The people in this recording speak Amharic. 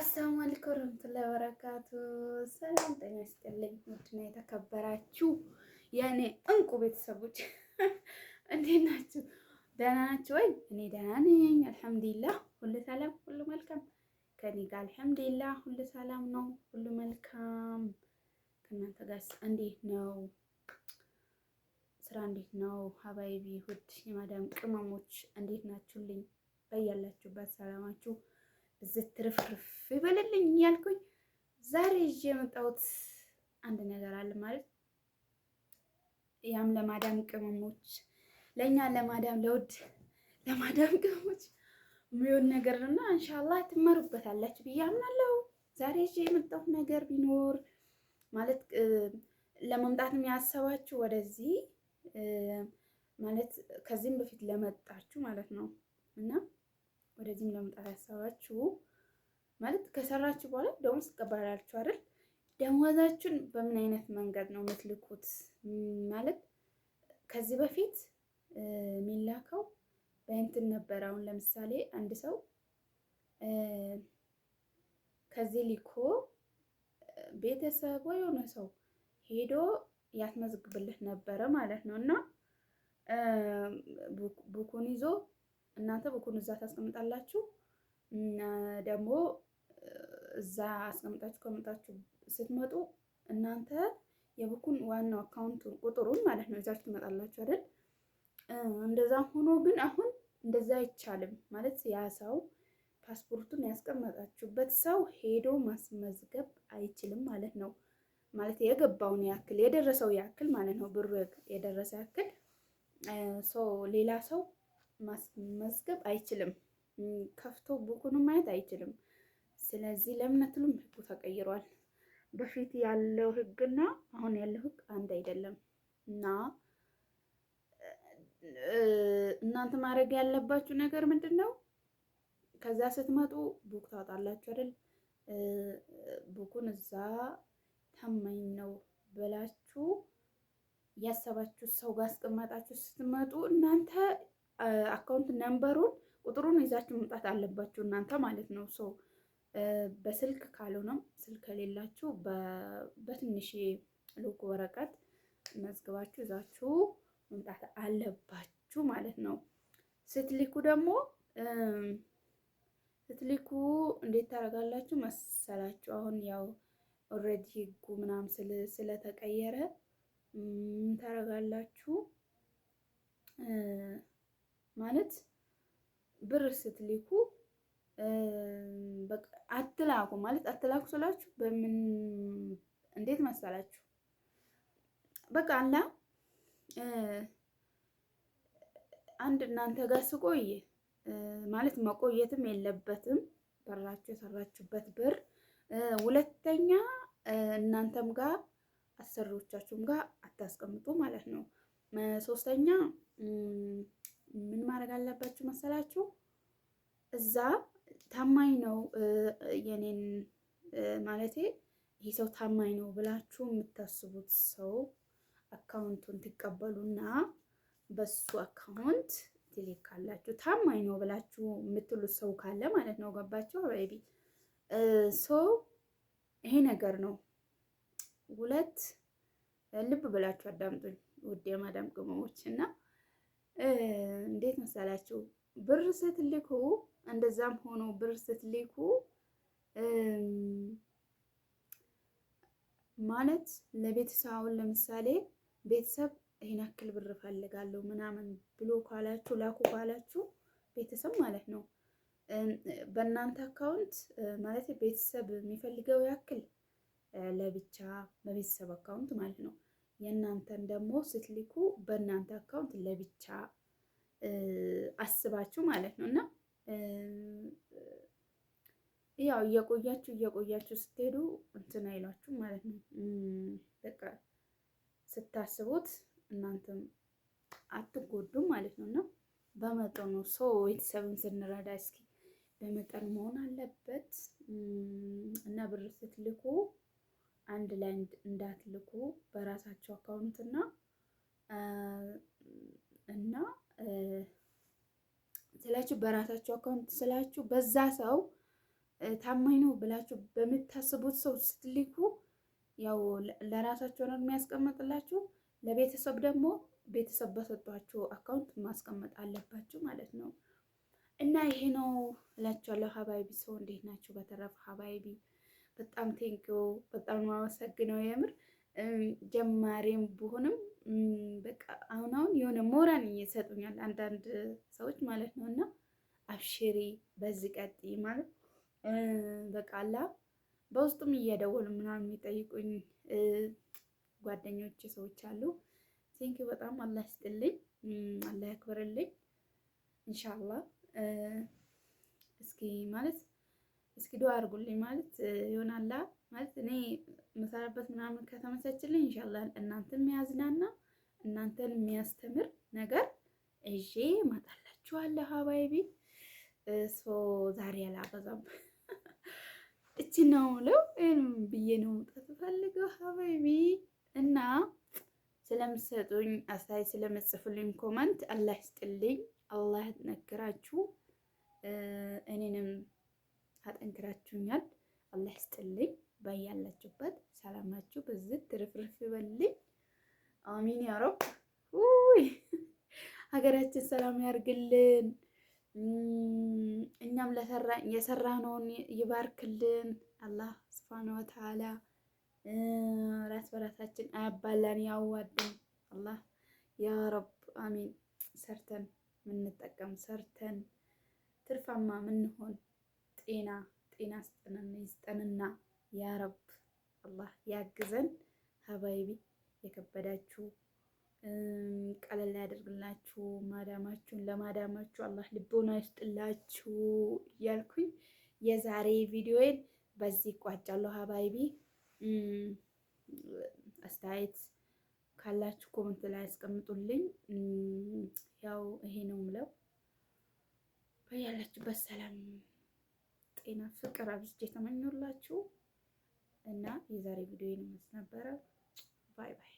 አሰላሙ አለይኩም ወረህመቱላሂ ወበረካቱ። ሰላም ጤና ይስጥልኝ። ውድና የተከበራችሁ የእኔ እንቁ ቤተሰቦች እንዴት ናችሁ? ደህና ናችሁ ወይ? እኔ ደህና ነኝ አልሐምዱሊላህ። ሁሉ ሰላም፣ ሁሉ መልካም ከኔ ጋር አልሐምዱሊላህ። ሁሉ ሰላም ነው፣ ሁሉ መልካም። ከእናንተ ጋርስ እንዴት ነው? ስራ እንዴት ነው? ሀባይቢ ሁድ የማዳም ቅመሞች እንዴት ናችሁልኝ? በያላችሁበት ሰላማችሁ ብዝት ይበልልኝ እያልኩኝ ዛሬ ይዤ የመጣሁት አንድ ነገር አለ ማለት ያም ለማዳም ቅመሞች ለእኛ ለማዳም ለውድ ለማዳም ቅመሞች የሚሆን ነገር እና እንሻላ ትመሩበታላችሁ ብዬ አምናለሁ። ዛሬ ይዤ የመጣሁት ነገር ቢኖር ማለት ለመምጣት የሚያሰባችሁ ወደዚህ ማለት ከዚህም በፊት ለመጣችሁ ማለት ነው ለመምጣት ያሰባችሁ ማለት ከሰራችሁ በኋላ ደሞዝ ትቀበላላችሁ አይደል? ደሞዛችሁን በምን አይነት መንገድ ነው የምትልኩት? ማለት ከዚህ በፊት የሚላከው በእንትን ነበር። አሁን ለምሳሌ አንድ ሰው ከዚህ ሊኮ ቤተሰብ ወይ የሆነ ሰው ሄዶ ያስመዝግብልህ ነበረ ማለት ነው እና ቡኩን ይዞ እናንተ በኩን እዛ ታስቀምጣላችሁ ደግሞ እዛ አስቀምጣችሁ ከመጣችሁ ስትመጡ እናንተ የብኩን ዋናው አካውንት ቁጥሩን ማለት ነው ይዛችሁ ትመጣላችሁ አይደል? እንደዛ ሆኖ ግን አሁን እንደዛ አይቻልም ማለት ያ ሰው ፓስፖርቱን ያስቀመጣችሁበት ሰው ሄዶ ማስመዝገብ አይችልም ማለት ነው። ማለት የገባውን ያክል የደረሰው ያክል ማለት ነው ብሩ የደረሰ ያክል ሌላ ሰው ማስመዝገብ አይችልም። ከፍቶ ቡኩን ማየት አይችልም። ስለዚህ ለምን አትሉም? ህጉ ተቀይሯል። በፊት ያለው ህግና አሁን ያለው ህግ አንድ አይደለም እና እናንተ ማድረግ ያለባችሁ ነገር ምንድን ነው? ከዛ ስትመጡ ቡክ ታወጣላችሁ አይደል? ቡኩን እዛ ታማኝ ነው ብላችሁ ያሰባችሁ ሰው ጋር አስቀመጣችሁ ስትመጡ እናንተ አካውንት ነምበሩን ቁጥሩን ይዛችሁ መምጣት አለባችሁ እናንተ ማለት ነው። ሰው በስልክ ካልሆነም ስልክ ከሌላችሁ በትንሽ ልክ ወረቀት መዝግባችሁ ይዛችሁ መምጣት አለባችሁ ማለት ነው። ስትሊኩ ደግሞ ስትሊኩ እንዴት ታደርጋላችሁ መሰላችሁ? አሁን ያው ኦልሬዲ ህጉ ምናምን ስለተቀየረ ታደርጋላችሁ ማለት ብር ስትልኩ አትላኩ ማለት አትላኩ ስላችሁ በምን እንዴት መሰላችሁ? በቃ አላ አንድ እናንተ ጋር ስቆይ ማለት መቆየትም የለበትም በራችሁ የሰራችሁበት ብር። ሁለተኛ እናንተም ጋር አሰሪዎቻችሁም ጋር አታስቀምጡ ማለት ነው። ሶስተኛ ምን ማድረግ አለባችሁ መሰላችሁ? እዛ ታማኝ ነው የኔን ማለቴ ይህ ሰው ታማኝ ነው ብላችሁ የምታስቡት ሰው አካውንቱን ትቀበሉና በሱ አካውንት ትልክ ካላችሁ ታማኝ ነው ብላችሁ የምትሉት ሰው ካለ ማለት ነው። ገባችሁ? አባይቢ ሶ ይሄ ነገር ነው። ሁለት ልብ ብላችሁ አዳምጡኝ ውዴ የማዳም ቅመሞች እና እንዴት መሰላችሁ ብር ስትልኩ እንደዛም ሆኖ ብር ስትልኩ ማለት ለቤተሰብ ለምሳሌ ቤተሰብ ይሄን ያክል ብር እፈልጋለሁ ምናምን ብሎ ካላችሁ ላኩ ካላችሁ ቤተሰብ ማለት ነው በእናንተ አካውንት ማለት ቤተሰብ የሚፈልገው ያክል ለብቻ በቤተሰብ አካውንት ማለት ነው የእናንተን ደግሞ ስትልኩ በእናንተ አካውንት ለብቻ አስባችሁ ማለት ነው እና ያው እየቆያችሁ እየቆያችሁ ስትሄዱ እንትን አይሏችሁ ማለት ነው። በቃ ስታስቡት እናንተም አትጎዱም ማለት ነው እና በመጠኑ ሰው ቤተሰብን ስንረዳ እስኪ በመጠን መሆን አለበት እና ብር ስትልኩ አንድ ላይ እንዳትልኩ በራሳቸው አካውንት እና እና ስላችሁ በራሳቸው አካውንት ስላችሁ በዛ ሰው ታማኝ ነው ብላችሁ በምታስቡት ሰው ስትልኩ ያው ለራሳቸው ነው የሚያስቀምጥላችሁ። ለቤተሰብ ደግሞ ቤተሰብ በሰጧችሁ አካውንት ማስቀመጥ አለባችሁ ማለት ነው። እና ይሄ ነው እላችኋለሁ። ሀባይቢ ሰው እንዴት ናችሁ? በተረፈ ሀባይቢ በጣም ቴንኪው በጣም ማመሰግነው። የምር ጀማሪም ብሆንም በቃ አሁን አሁን የሆነ ሞራን እየሰጡኛል አንዳንድ ሰዎች ማለት ነው። እና አብሽሪ በዚህ ቀጥይ ማለት በቃ አላ በውስጡም እየደወሉ ምናምን የሚጠይቁኝ ጓደኞች ሰዎች አሉ። ቴንኪዩ በጣም አላህ ይስጥልኝ፣ አላህ ያክብርልኝ። ኢንሻአላህ እስኪ ማለት እስኪ ዱአ አድርጉልኝ ማለት ይሆናላ ማለት እኔ መሰራበት ምናምን ከተመቻችልኝ እንሻላ እናንተን የሚያዝናና እናንተን የሚያስተምር ነገር እዤ እመጣላችኋለሁ። ሀባይቢ ሶ ዛሬ አላበዛም፣ እቺ ነው ለው ብዬ ነው መውጣት ፈልገው ሀባይቢ እና ስለምሰጡኝ አስተያየት ስለምጽፉልኝ ኮመንት አላህ ይስጥልኝ። አላህ ነግራችሁ እኔንም አጠንክራችሁኛል። አላህ ይስጥልኝ። ባያላችሁበት ሰላማችሁ ብዝት ትርፍርፍ ይበልኝ። አሚን ያሮብ ውይ ሀገራችን ሰላም ያርግልን። እኛም የሰራነውን ይባርክልን አላህ ሱብሓነሁ ወተዓላ። ራስ በራሳችን አያባላን ያዋድን አላህ ያ ረብ አሚን። ሰርተን ምንጠቀም ሰርተን ትርፋማ ምንሆን ጤና ጤና ስጠንና ያረብ አላህ ያግዘን። ሀባይቢ የከበዳችሁ ቀለል ያደርግላችሁ። ማዳማችሁን ለማዳማችሁ አላህ ልቦና ይስጥላችሁ እያልኩኝ የዛሬ ቪዲዮዬን በዚህ ቋጫለሁ። ሀባይቢ አስተያየት ካላችሁ ኮመንት ላይ ያስቀምጡልኝ። ያው ይሄ ነው ምለው በያላችሁበት ሰላም ጤና፣ ፍቅር አብዝቼ የተመኙላችሁ እና የዛሬ ቪዲዮ ይመስል ነበረ። ባይ ባይ።